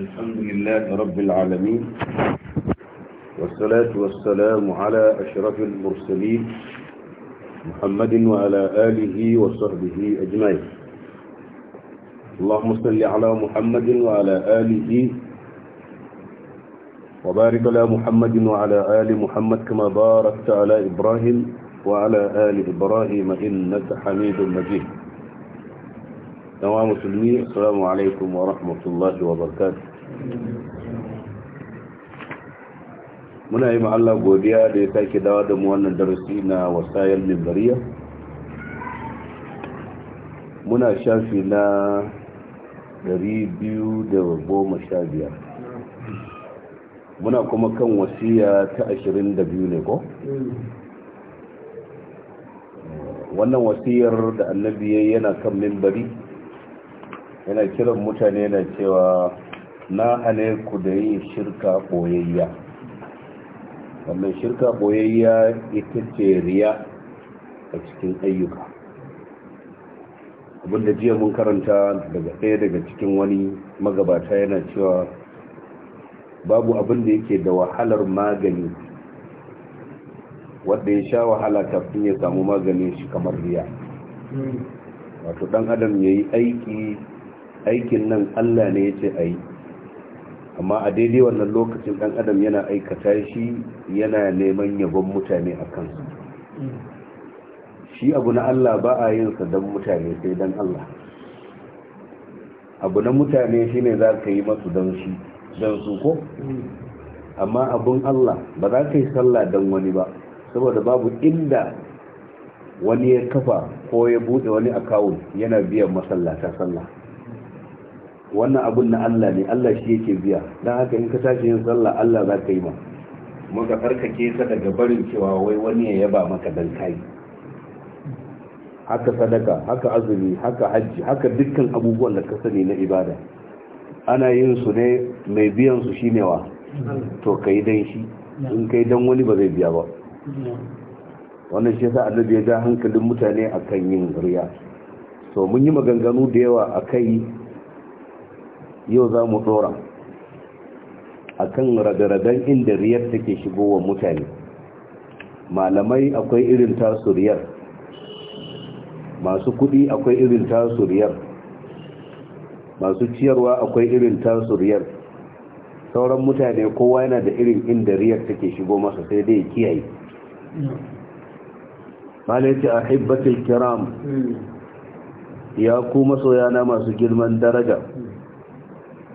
الحمد لله رب العالمين والصلاة والسلام على أشرف المرسلين محمد وعلى آله وصحبه أجمعين اللهم صل على محمد وعلى آله وبارك على محمد وعلى آل محمد كما باركت على إبراهيم وعلى آل إبراهيم إنك حميد مجيد yawa musulmi assalamu alaikum wa rahmatullahi wa barakatuh muna yi Allah godiya da ya sake dawa da mu wannan darasi na wasayar muna shafi na 215 muna kuma kan wasiya ta 22 ne ko? wannan wasiyar da annabi yana kan mimbari yana kiran mutane na cewa na hane ku da yin shirka boyayya wannan shirka boyayya ita ce riya a cikin ayyuka abinda jiya mun karanta daga ɗaya daga cikin wani magabata yana cewa babu abin da yake da wahalar magani wadda ya sha wahala kafin ya samu magani shi kamar riya hmm. wato dan adam ya yi aiki aikin nan Allah ne ya ce a yi amma a daidai wannan lokacin ɗan adam yana aikata shi yana neman yabon mutane a kansu shi abu na Allah ba a yin don mutane sai don Allah abu na mutane shi ne za ka yi masu don shi don su ko amma abun Allah ba za ka yi sallah don wani ba saboda babu inda wani ya kafa ko ya bude wani akawun yana biyan masallata sallah wannan abun na Allah ne Allah shi yake biya don haka in ka tashi yin sallah Allah za ka yi ma maka farkake sa daga barin cewa wai wani ya yaba maka dan kai haka sadaka haka azumi haka hajji haka dukkan abubuwan da ka sani na ibada ana yin su ne mai biyan su shine wa to kai dan shi in kai dan wani ba zai biya ba wannan shi yasa annabi ya ja hankalin mutane akan yin riya to mun yi maganganu da yawa akai yau za mu tsora a kan ragaragan inda riyar take shigowa mutane malamai akwai irin tasu riyar masu kudi akwai irin tasu riyar masu ciyarwa akwai irin tasu riyar sauran mutane kowa yana da irin inda riyar take shigo masa sai dai kiyaye ce a hibbatul kiram hmm. ya ku masoyana masu girman daraja hmm.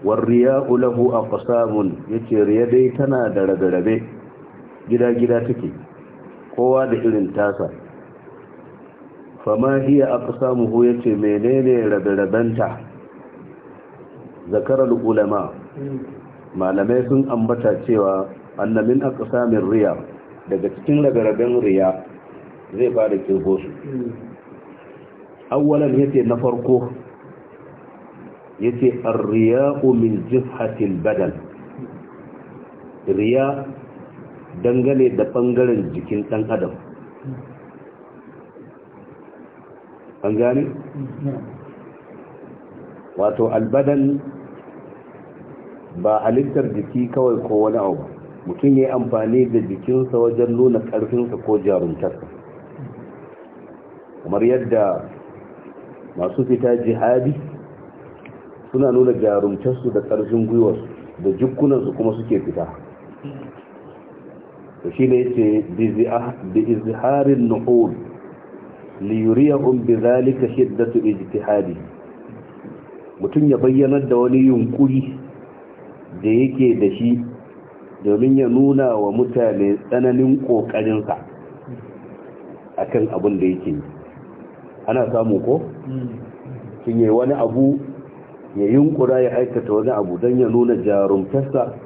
warriya'u lahu aqsamun yace riya dai tana da ragarabe gida-gida take kowa da irin tasa fama hiya ya yace menene ragarabanta Zakarar ulama malamai sun ambata cewa anna min riya daga cikin ragaraben riya zai ba da kirgo su ya ce na farko yace ar-riya'u min jifhatil badal riya dangane da bangaren jikin dan adam an gani wato albadan ba halittar jiki kawai ko wani abu mutum ya amfani da jikinsa wajen nuna ƙarfinsa ko jarumtarsa kamar yadda masu fita jihadi suna nuna jarumtarsu da ƙarfin gwiwarsu da jikunansu kuma suke fita da shi ne ce da izharin nuhul un bi zalika shiddatu ijtihadi mutum ya bayyanar da wani yunkuri da yake da shi domin ya nuna wa mutane tsananin ƙoƙarinsa akan abin da yake ana samu ko? Mm. sun yi wani abu ya yunkura ya aikata wani abu don ya nuna jarumtarsa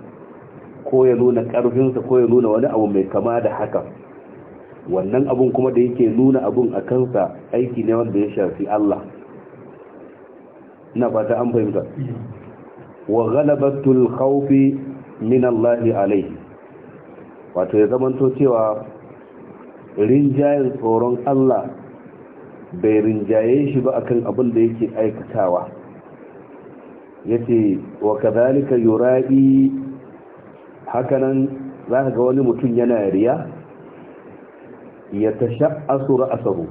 ko ya nuna ƙarfinsa ko ya nuna wani abu mai kama da haka wannan abun kuma da yake nuna abun a kansa aiki ne wanda ya shafi Allah ina fata an fahimta wa ghalabatul khawfi min Allah alayhi wato ya zamanto cewa rinjayen tsoron Allah bai rinjaye shi ba akan abin da yake aikatawa yace wa kadhalika yura'i hakanan zaka ga wani mutum yana riya ya tasha'asu ra'sahu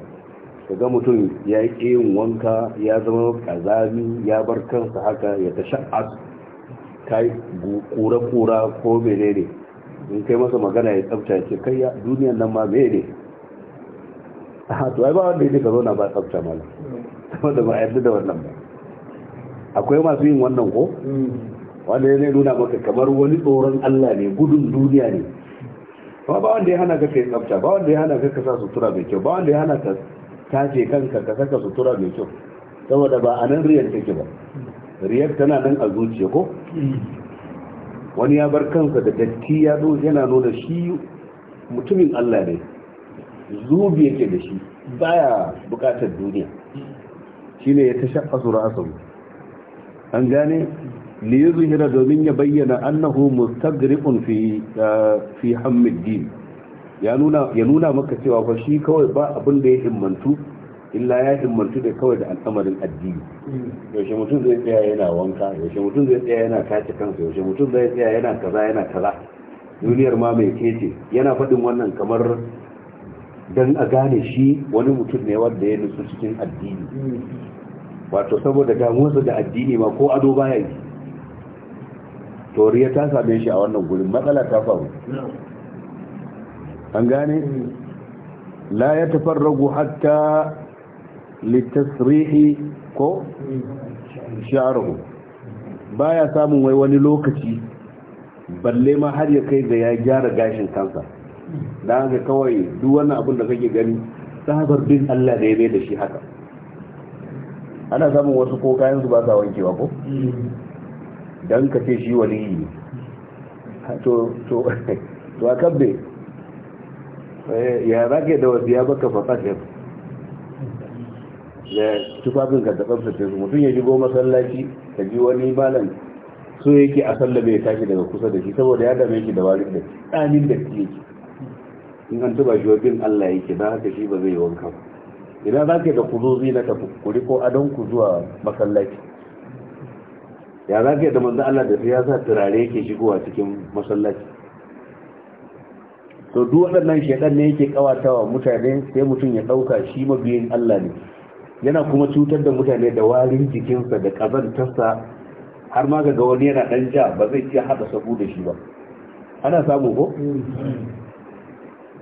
kaga mutum ya yi wanka ya zama kazami ya bar kansa haka ya tasha'asu kai kura kura ko menene in kai masa magana ya tsafta ce kai ya duniyan nan ma menene ha to ai ba wanda yake zo na ba tsafta malam wanda ba a da wannan ba akwai masu yin wannan ko wanda ya nuna maka kamar wani tsoron Allah ne gudun duniya ne ba ba wanda ya hana ka kai tsafta ba wanda ya hana ka kasa sutura mai kyau ba wanda ya hana ka tace kanka ka saka sutura mai kyau saboda ba a nan riyar take ba riyar tana nan a zuciya ko wani ya bar kansa da datti ya zo yana nuna shi mutumin Allah ne zubi yake da shi baya bukatar duniya shine ya asura ra'asahu an gane liyuzhira domin ya bayyana annahu mustagriqun fi fi hammid ya nuna ya nuna maka cewa fa shi kawai ba abin da ya himmantu illa ya himmantu da kawai da al'amarin addini yaushe mutum zai tsaya yana wanka yaushe mutum zai tsaya yana tace kansa yaushe mutum zai tsaya yana kaza yana kaza duniyar ma mai kece yana faɗin wannan kamar dan a gane shi wani mutum ne wanda ya nutsu cikin addini wato saboda damuwarsa da addini ma ko ado baya yi toriya ta same shi a wannan gurin matsala ta faru an gane la ya tafarragu hatta litasrihi ko Ba baya samun wai wani lokaci balle ma har ya kai da ya gyara gashin kansa dan haka kawai duk wannan abin da kake gani sahabar bin Allah ne mai da shi haka ana samun wasu ko kayan su ba sa wankewa ko dan ka ce shi wani ne to to to a kabbe eh, ya rage da wasu ya baka fasashen da tufafin ka taɓar sa su mutum ya shigo masallaci ka ji wani malam so yake a sallabe ya tashi daga kusa da shi saboda ya dame shi da wari da tsamin da yake in an tuba shi wa bin Allah yake da haka shi ba zai yi wanka ba Ina za ka da kuzuzi na zina kuri ko adon ku zuwa masallaci ya za ka da manzan Allah da su ya sa turare yake shigowa cikin masallaci to duk waɗannan shaidan ne yake kawatawa mutane sai mutum ya ɗauka shi mabiyin Allah ne yana kuma cutar da mutane da warin jikinsa da ƙazantarsa har ma ga wani yana ɗan ja ba zai iya haɗa sabu da shi ba ana samu ko mm.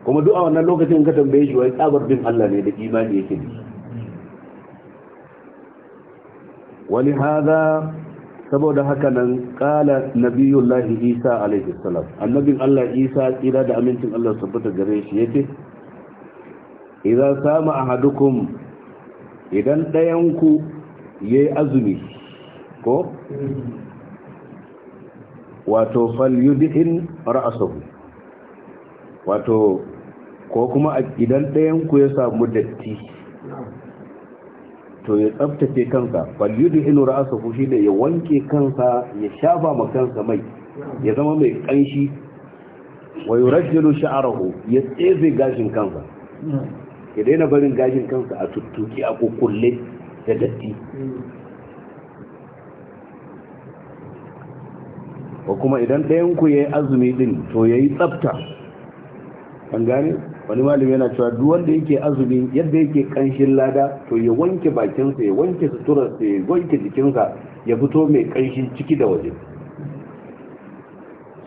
kuma duk a wannan lokacin ka tambaye shi wai tsabar bin Allah ne da imani yake ne wani hada saboda haka nan kala nabiyullahi isa alaihi salam annabin Allah isa tsira da amincin Allah tabbata gare shi yake idan sama ahadukum idan dayan ku yayi azumi ko wato fal yudhin ra'sahu wato ko kuma idan ɗayan ku ya samu datti to ya tsabtace kansa falyudu inu ku shi ne ya wanke kansa ya shafa ma kansa mai ya zama mai ƙanshi wa yurajjilu sha'rahu ya tsefe gashin kansa ya daina barin gashin kansa a tuttuki a kokulle da datti ko kuma idan ɗayan ku yayi azumi din to yayi tsafta an gane wani malami yana cewa duk wanda yake azumi yadda yake kanshin lada to ya wanke bakinsa ya wanke suturarsa ya wanke jikinsa ya fito mai kanshin ciki da waje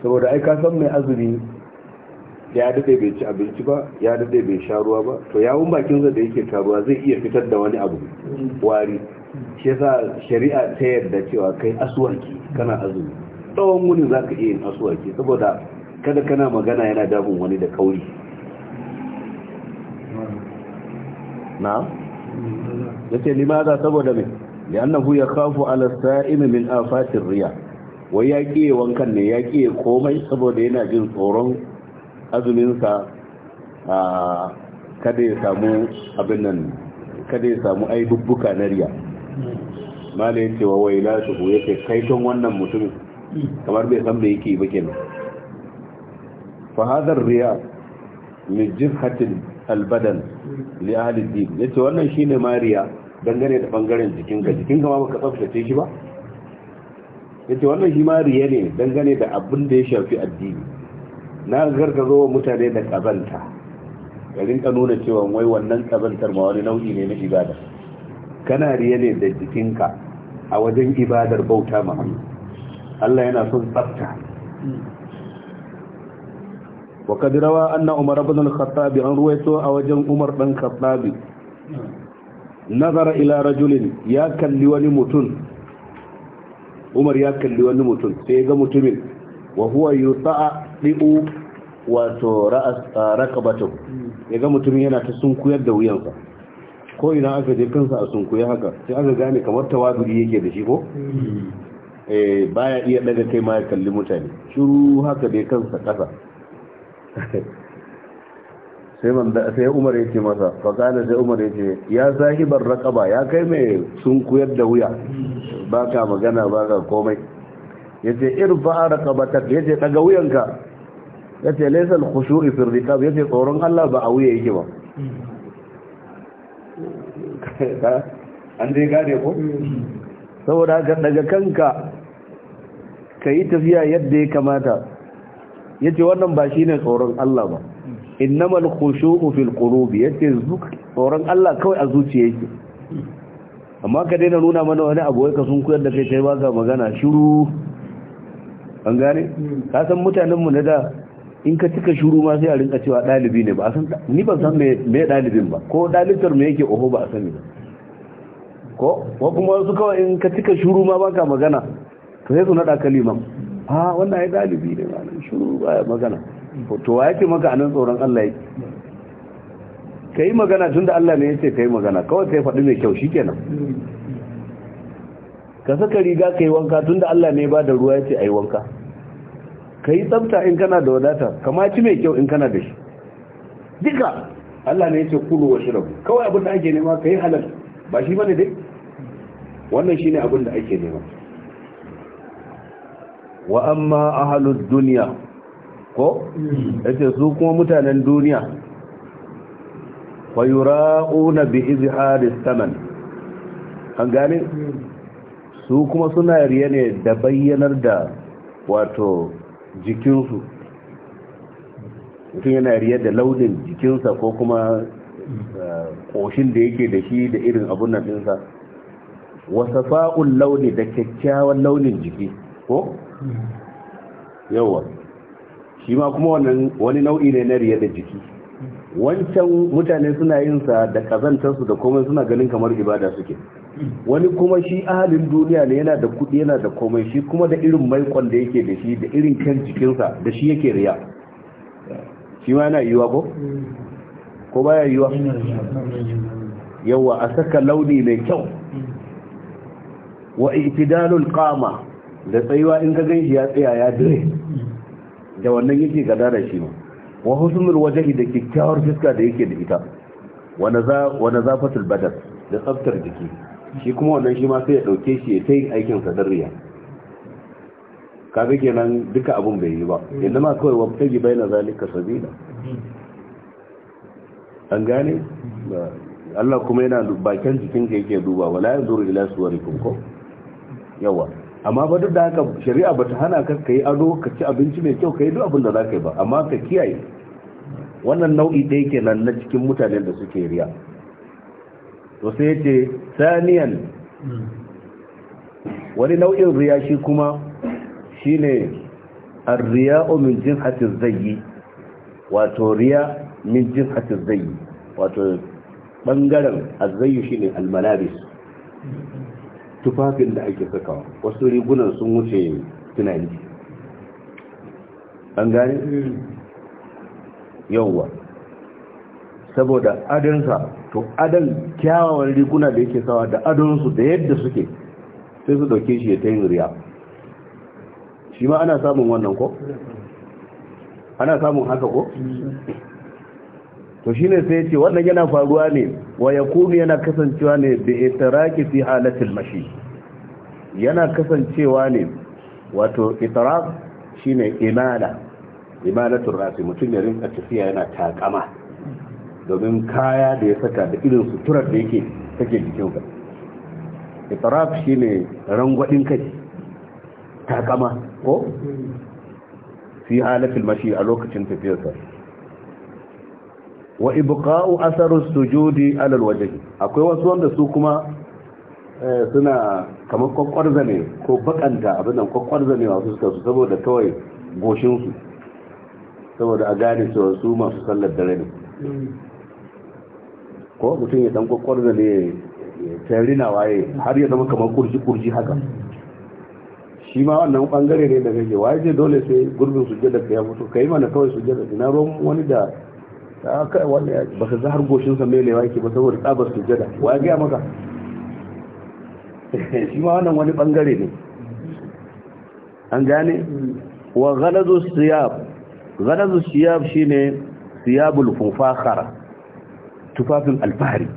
saboda ai ka san mai azumi ya daɗe bai ci abinci ba ya daɗe bai sha ruwa ba to yawun bakinsa da yake taruwa zai iya fitar da wani abu wari shi yasa shari'a ta yarda cewa kai asuwarki kana azumi tsawon wuni za ka iya yin asuwarki saboda kada kana magana yana damun wani da kauri na ya ce limaza saboda mai li'annahu ya kafa ala sa'imi min afatir riya wai ya kiye wankan ne ya kiye komai saboda yana jin tsoron azuminsa a kada ya samu abin nan kada ya samu aibubbuka na riya mala ya ce wa wai ya ce kaiton wannan mutumin kamar bai san me yake ba kenan fa hadar riya min jihhatin albadan li ahli din yace wannan shine mariya dangane da bangaren jikinka jikinka ma baka tsaftace shi ba yace wannan shi mariya ne dangane da abin da ya shafi addini na garka zo mutane da kazanta ka rinka nuna cewa wai wannan kabantar ma wani nau'i ne na ibada kana riya ne da jikinka a wajen ibadar bauta muhammad Allah yana son tsafta وقد روى أن عمر بن الخطاب عن رويته an ruwaito a wajen umar إلى رجل nazara لوني متن ya kalli wani mutum umar ya kalli wani mutum sai ga mutumin wa huwa yuta'iu wato yana ta sunkuyar da ko ina aka je kansa a sunkuya haka sai aka gane kamar tawaduri yake da shi ko eh baya iya daga kai ma ya kalli mutane shiru haka dai kansa kasa sai umar ya ce masa faƙada sai umar ya ce ya sahibar raƙaba ya kai mai sun kuyar da wuya ba ka magana ba ka komai ya ce irba raƙabatar ya ce ɗaga wuyanka ya ce laisar kushu ifin rikab ya ce tsoron allah ba a wuya yake ba an dai gane ko saboda haka daga kanka ka yi tafiya yadda ya kamata yace wannan ba shine tsoron Allah ba innamal khushu'u fil qulubi yace tsoron Allah kawai a zuciya yake amma ka daina nuna mana wani abu wai ka sun koyar da kai kai ba ga magana shiru an gane ka san mutanen mu na da in ka cika shiru ma sai a rinka cewa dalibi ne ba san ni ban san me dalibin ba ko dalibtar me yake oho ba a sani ba ko ko kuma wasu kawai in ka cika shiru ma ba ka magana to sai su nada kalimam a wannan ya galibi ne malam shiru baya magana to wa yake maka anan tsoron Allah yake kai magana tunda Allah ne yace kai magana kawai kai faɗi mai kyau shikenan ka saka riga kai wanka tunda Allah ne ba da ruwa yace ai wanka kai tsafta in kana da wadata kama ci mai kyau in kana da shi duka Allah ne yace kulu wa shrabu kawai abin da ake nema kai halal ba shi bane dai wannan shine abin da ake nema wa amma ahalud duniya ko yace su kuma mutanen duniya wa yura'una bi izharis saman an gane su kuma suna riye ne da bayyanar da wato jikinsu mutum yana riye da launin jikinsa ko kuma eh, ƙoshin da yake da shi da irin abun nan ɗinsa wasa fa'un launi da kyakkyawan launin jiki ko yawa shi ma kuma wannan wani nau'i ne na riya da jiki wancan mutane suna yin sa da kazantarsu da komai suna ganin kamar ibada suke wani kuma shi ahalin duniya ne yana da kudi yana da komai shi kuma da irin maikon da yake da shi da irin kyan jikinsa da shi yake riya shi ma yana yiwa ko ko baya yiwa yawa a saka launi mai kyau wa itidalul qama da tsayuwa in ka ganshi ya tsaya ya dire da wannan yake gada da shi wa husnul wajhi da kyakkyawar fiska da yake da ita wa naza wa nazafatul badar da tsaftar jiki shi kuma wannan shi ma sai ya dauke shi ya tai aikin sa darriya kaga kenan duka abun bai yi ba inda ma kawai wabtaji baina zalika sabila an gane Allah kuma yana bakin jikin ka yake duba wala yanzuru ila suwarikum ko yawa amma ba duk da haka shari'a ba ta hana ka kai ado ka ci abinci mai kyau ka yi duk abin da za ka yi ba amma ka kiyaye wannan nau'i ɗaya kenan na cikin mutane da suke riya to sai ya ce saniyan wani nau'in riya shi kuma shine arriya min jinhati zayyi wato riya min jinhati zayyi wato bangaren azayyu shine almalabis tufafin da ake sakawa wasu rigunan sun wuce tunani an gani yauwa saboda adinsa to adan kyawawan riguna da yake sawa da adonsu da yadda suke sai su dauke shi ya ta yin riya shi ma ana samun wannan ko? ana samun haka ko? to shine sai ya ce wannan yana faruwa ne wa yakunu yana kasancewa ne bi itraqi fi halatil mashi yana kasancewa ne wato itraq shine imana imalatul rasi mutum ya rinka tafiya yana takama domin kaya da ya saka da irin suturar da yake take jikin ka itraq shine rangwadin kai takama ko fi halatil mashi a lokacin tafiyarsa wa ibqa'u atharu sujudi ala alwajhi akwai wasu wanda su kuma eh, suna kamar kwakwarza ne ko bakanta abin nan kwakwarza ne wasu suka su saboda kawai goshin su saboda a gane su su masu sallar dare ne ko mutum ya dan kwakwarza ne ta waye har ya zama kamar kurji kurji haka shi ma wannan bangare ne da kake waje dole sai gurbin sujjada ka ya fito kai mana kawai sujjada ina ruwan wani da ta ah, kai wanda ya ba ka ga goshin sa mele yake ba saboda tsabar sujada wa ya gaya maka shi ma wannan wani bangare ne an gane wa ghalazu siyab ghalazu siyab shine siyabul fufakhara tufafin alfahari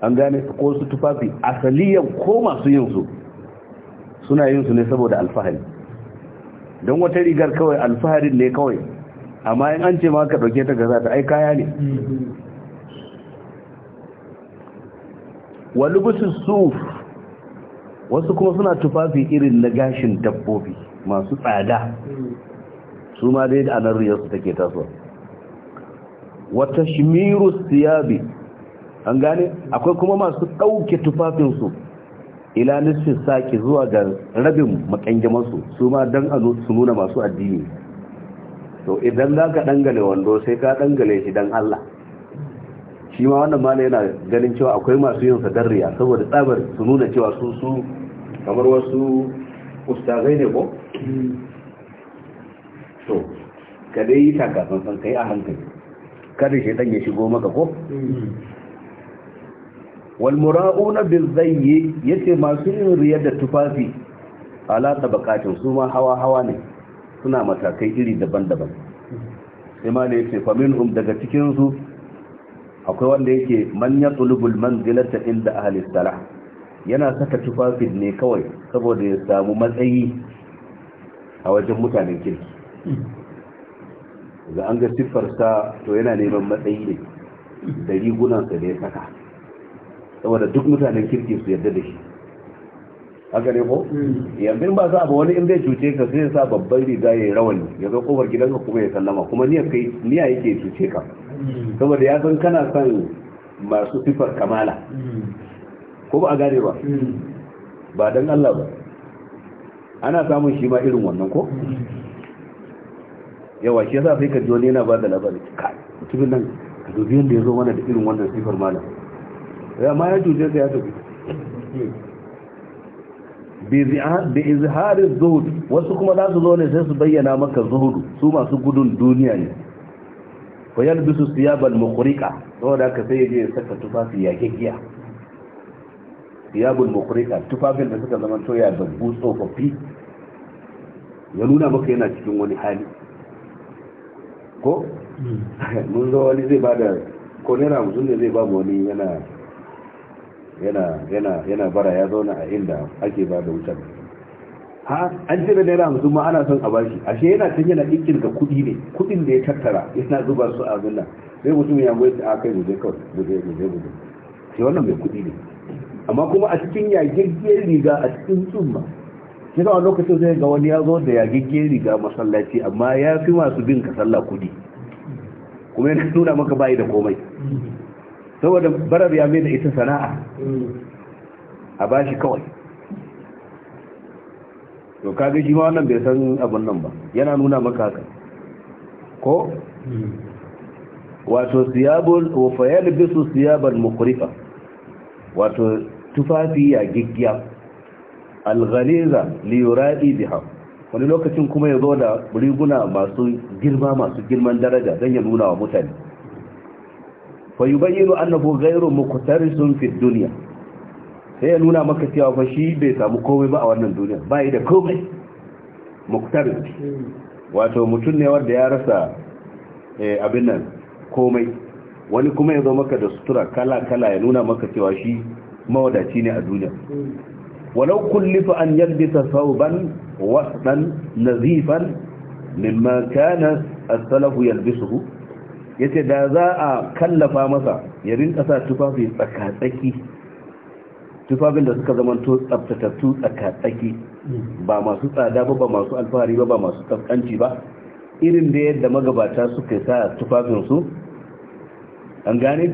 an gane ko su tufafi asaliyan ko masu yin su suna yin su ne saboda alfahari don wata rigar kawai alfaharin ne kawai amma in an ce ma ka dauke ta gaza ta ai kaya ne wani busu suf wasu kuma suna tufafi irin na gashin dabbobi masu tsada su ma dai da nan take taso wata shimiru siyabi an gane akwai kuma masu ɗauke tufafinsu ila nisfin saki zuwa ga rabin makangimansu su ma don a nuna masu addini to idan za ka ɗangale wando sai ka dangale shi don Allah shi ma wannan ma yana ganin cewa akwai masu yin sadarriya saboda tsabar su nuna cewa su su kamar wasu ustazai ne ko? to ka dai yi san kai a hankali kada shi ya shigo maka ko? bil bizayye yace masu yin riya da tufafi ala tabakatin su ma hawa hawa ne suna matakai iri daban-daban sai ma famin cikin faminhum daga cikinsu akwai wanda yake man ya tulubul manzilata inda ahli salah yana saka tufafin ne kawai saboda ya samu matsayi a wajen mutanen kirki ga an ga siffarsa to yana neman matsayi ne da rigunansa da ya saka saboda duk mutanen kirki su yadda da shi haka ne ko yanzu ba sa abu wani in zai cuce ka sai ya sa babban riga ya yi rawani ya zo kofar gidanka kuma ya sallama kuma niya kai niya yake cuce ka saboda ya san kana son masu sifar kamala ko ba a gane ba ba dan Allah ba ana samun shi ma irin wannan ko yawa shi yasa sai ka ji wani yana ba da labari kai mutumin nan ka dubi yadda ya zo mana da irin wannan sifar malam ya ma ya cuce sai ya tafi bi izharin zuhud wasu kuma za su zo ne sai su bayyana maka zuhudu su masu gudun duniya ne ko yalbisu siyaban mukhriqa saboda ka sai je saka tufafi ya gigiya siyabal mukhriqa tufafin da suka zama toya da tsofaffi ya nuna maka yana cikin wani hali ko hmm. mun zo wani zai bada ko nera mutum ne zai ba wani yana yana bara ya zauna a inda ake ba da wutar ha an cire naira hamsin ma ana son a bashi ashe yana can yana ikin ka kuɗi ne kuɗin da ya tattara yana zuba su a zunna sai mutum ya mai a kai guje kawai guje guje guje sai wannan mai kuɗi ne amma kuma a cikin yagegge riga a cikin tsumma kina a lokacin sai ga wani ya zo da yagegge riga masallaci amma ya fi masu bin ka sallah kuɗi kuma yana nuna maka bayi da komai saboda barar ya mai da ita sana'a a ba shi kawai to kaga shi ma wannan bai san abin nan ba yana nuna maka haka ko wato siyabul wa bisu siyaban mukrifa wato tufafi ya giggiya alghaliza li yuradi biha wani lokacin kuma ya zo da riguna masu girma masu girman daraja don ya nuna wa mutane fayubayyinu annahu ghayru muqtarisun fi dunya sai ya nuna maka cewa fa shi bai samu komai ba a wannan duniya bai da komai muqtaris wato mutum ne wanda ya rasa eh, abin nan komai wani kuma ya zo maka da sutura kala kala ya nuna maka cewa shi mawadaci ne a duniya walau kullifa an yalbisa sauban wasdan nazifan mimma kana as-salafu yalbisuhu yace da za a kallafa masa ya rinka sa tufafi tsakatsaki tufafin da suka zamanto tsaftatattu tsakatsaki ba masu tsada ba ba masu alfahari ba ba masu tsakanci ba irin da yadda magabata suka sa tufafinsu an gane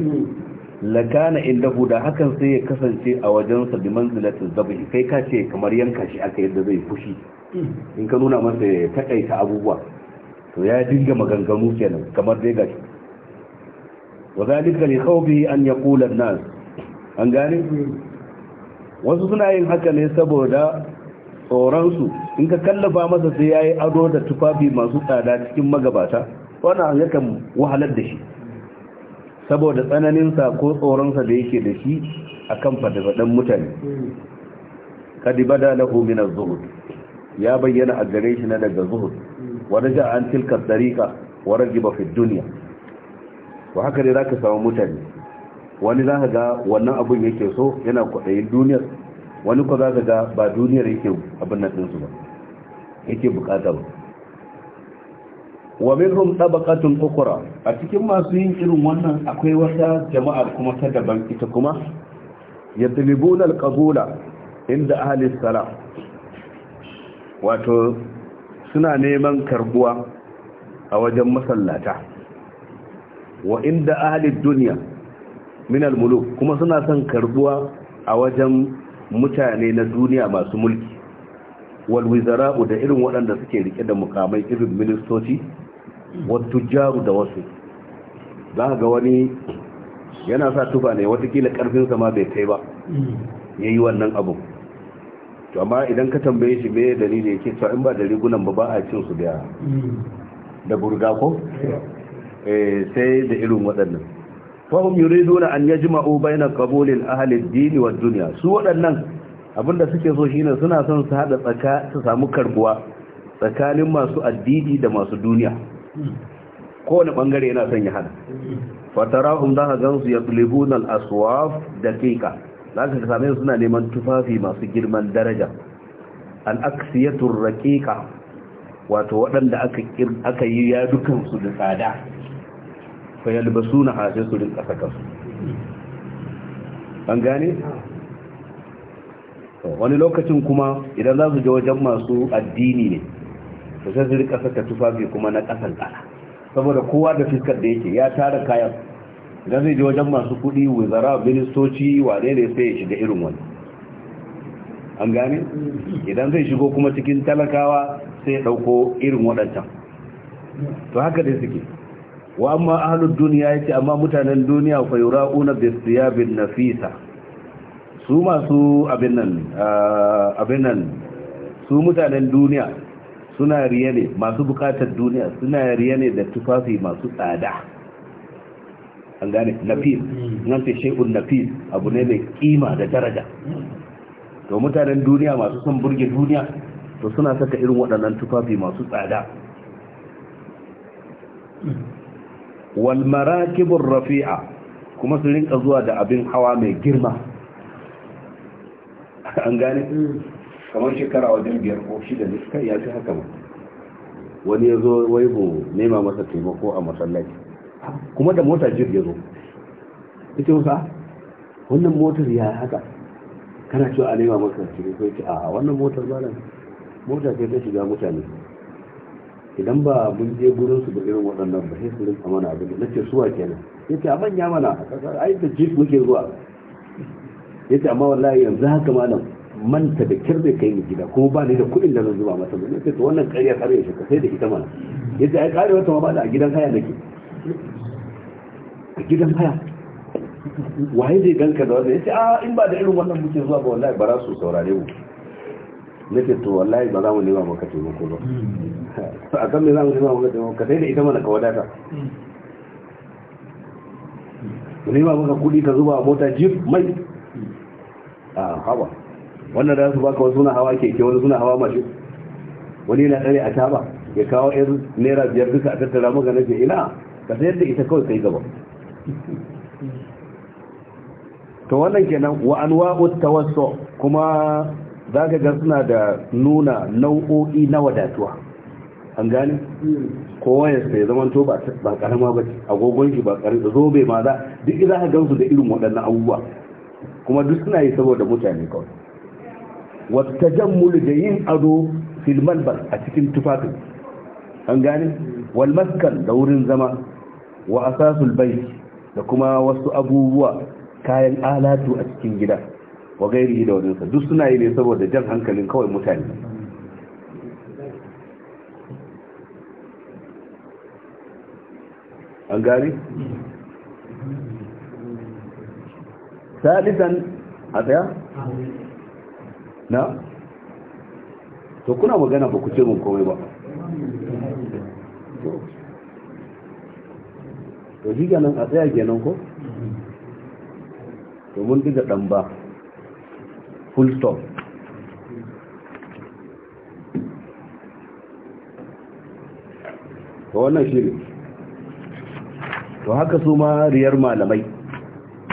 lakana inda huda hakan sai ya kasance a wajensa bi manzilatin zabi kai ka ce kamar yanka shi aka yadda zai fushi in ka nuna masa ya takaita abubuwa to ya dinga maganganu kenan kamar dai gashi wa لخوفه أن يقول الناس أن قال nas an حكا wasu suna yin haka ne saboda سيائي in ka kallafa masa sai yayi ado da tufafi masu tsada cikin magabata yakan wahalar da shi saboda tsananinsa ko tsoronsa da yake da shi a kan fadafaɗen mutane kadi bada lahu min az-zuhud ya bayyana a gare shi na daga zuhud wa raja an tilka tariqa wa rajiba fi dunya wa haka ne za ka samu mutane wani za ka ga wannan abun yake so yana kwaɗayin duniyar wani ko za ka ga ba duniyar yake abin nan ɗinsu ba yake bukata ba wa minhum tabaqatun ukra a cikin masu yin irin wannan akwai wata jama'ar kuma ta daban ita kuma yatlibuna alqabula inda ahli salam wato suna neman karbuwa a wajen masallata wa inda ahalin duniya minal muluk kuma suna son karbuwa a wajen mutane na duniya masu mulki walwizara'u da irin waɗanda suke rike da mukamai irin ministoci wato jaru da wasu za ga wani yana sa tuba ne watakila ƙarfinsa ma bai kai ba ya yi wannan abu to amma idan ka tambaye shi me dalili yake cewa in ba da rigunan ba ba a cin su da burga ko Eh, sai da irin waɗannan fahim yuriduna an yajma'u baina na ahli ahalin dini wa duniya. su waɗannan abinda suke so shine suna son su haɗa tsaka su samu karbuwa tsakanin masu addini da masu duniya kowane ɓangare yana son ya hada fatarahum za ka gansu ya tulibuna al da keka. za ka same suna neman tufafi masu girman daraja an aksiyatun raqiqa wato waɗanda aka yi ya dukansu da tsada fa yalbasu na su rinka saka su an gane wani lokacin kuma idan za su je wajen masu addini ne su sai su rika saka tufafi kuma na kasan kala saboda kowa da fiskar da yake ya tara kayan idan zai je wajen masu kudi wizara ministoci wane ne sai ya shiga irin wani an gane idan zai shigo kuma cikin talakawa sai ya ɗauko irin waɗancan to haka dai suke wa amma ahlud duniya yace amma mutanen duniya fa yura'una bi thiyabin nafisa su masu abin nan abin nan su mutanen duniya suna riya ne masu bukatar duniya suna riya ne da tufafi masu tsada an gane nafis hmm. nan ce shay'un nafis abu ne mai kima da daraja to mutanen duniya masu son burge duniya to suna saka irin waɗannan tufafi masu tsada hmm. wal marakibur rafi'a kuma su rinka zuwa da abin hawa mai girma an gane kamar shekara wajen biyar ko shida ne kai ya fi haka ma wani ya zo waibo nema masa taimako a masallaci kuma da mota jir ya zo ita wasa wannan motar ya haka kana cewa a nema masa taimako ya ce a wannan motar ba nan mota sai ta shiga mutane idan ba mun je gurin su da irin waɗannan ba sai su rinka mana abin da nace suwa kenan yace a manya mana ai da jeep muke zuwa yace amma wallahi yanzu haka malam manta da kirbe kai ni gida kuma ba ni da kuɗin da zan zuba masa ba yace to wannan ƙarya kare shi ka sai da ita mana yace ai kare wata ma ba da a gidan haya nake a gidan haya waye zai ganka da wannan yace a in ba da irin wannan muke zuwa ba wallahi ba za su saurare mu nake to wallahi ba za mu nema maka taimako ba to a kan me za mu nema maka taimako ka sai da ita mana ka wadata wani nema maka kudi ka zuba mota jeep mai a hawa wannan da su baka wasu suna hawa keke wani suna hawa mashin wani na tsare a taba ya kawo yan naira biyar duka a tattara maka na ke ina ka sayar da ita kawai kai gaba to wannan kenan wa ta tawassu kuma zaka ga suna da nuna nau'o'i na wadatuwa an gane kowa ya sai zaman to ba karama ba agogon shi ba karama bai ma za duk za ka gansu da irin waɗannan abubuwa kuma duk suna yi saboda mutane kawai wata tajammul da yin ado filman ba a cikin tufafin an gane walmaskan da wurin zama wa asasul bai da kuma wasu abubuwa kayan alatu a cikin gida wa gairi da wajensa duk suna yi ne saboda jan hankalin kawai mutane an gari salisan a tsaya na to kuna magana ba ku ce mun komai ba to shi ganin a tsaya nan ko to mun diga dan ba full stop to wannan shi ne to haka su ma riyar malamai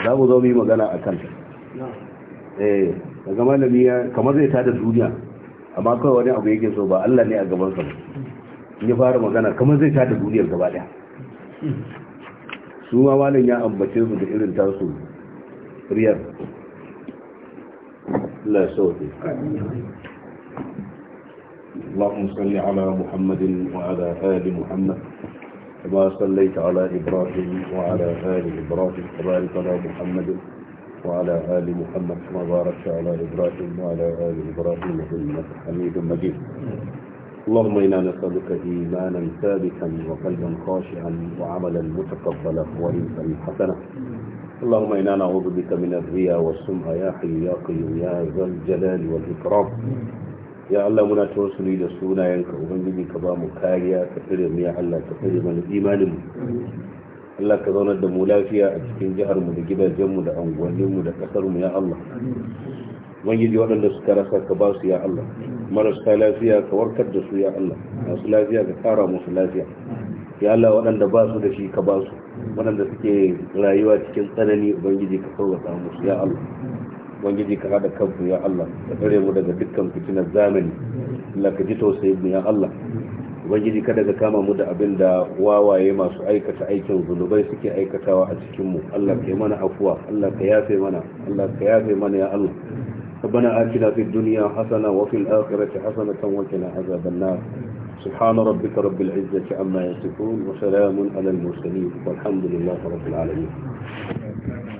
za mu zo mu yi magana a kanta eh daga malami kamar zai tada duniya amma kawai wani abu yake so ba Allah ne a gaban sa in ya fara magana kamar zai tada duniyar gaba daya su ma malam ya ambace su da irin tasu riyar Allah ya sauke اللهم صل على محمد وعلى ال محمد كما صليت على إبراهيم وعلى آل إبراهيم وبارك على محمد وعلى آل محمد كما باركت على إبراهيم وعلى آل إبراهيم إنك حميد مجيد اللهم إنا نسألك إيمانا ثابتا وقلبا خاشعا وعملا متقبلا وريثا حسنا اللهم إنا نعوذ بك من الرياء والسمعة يا حي يا قيوم يا ذا الجلال والإكرام ya Allah muna ta tawassuli da sunayenka ubangiji ka ba mu kariya ka tsire mu ya Allah ka tsire mana imanin Allah ka zaunar da mu lafiya a cikin jihar mu da gidajen mu da anguwannin mu da kasar mu ya Allah ubangiji waɗanda suka rasa ka ba su ya Allah marasa lafiya ka warkar da su ya Allah masu lafiya ka tsara musu lafiya ya Allah waɗanda ba su da shi ka ba su waɗanda suke rayuwa cikin tsanani ubangiji ka sauwata musu ya Allah ubangiji ka hada kanku ya Allah ka tsare mu daga dukkan fitinar zamani Allah ka ji tausayin mu ya Allah ubangiji kada ka kama mu da abin da wawaye masu aikata aikin zunubai suke aikatawa a cikin mu Allah ka yi mana afuwa Allah ka yafe mana Allah ka yafe mana ya Allah ربنا آتنا في الدنيا حسنة وفي الآخرة حسنة وقنا عذاب النار سبحان ربك رب العزة عما يصفون وسلام على المرسلين والحمد لله رب العالمين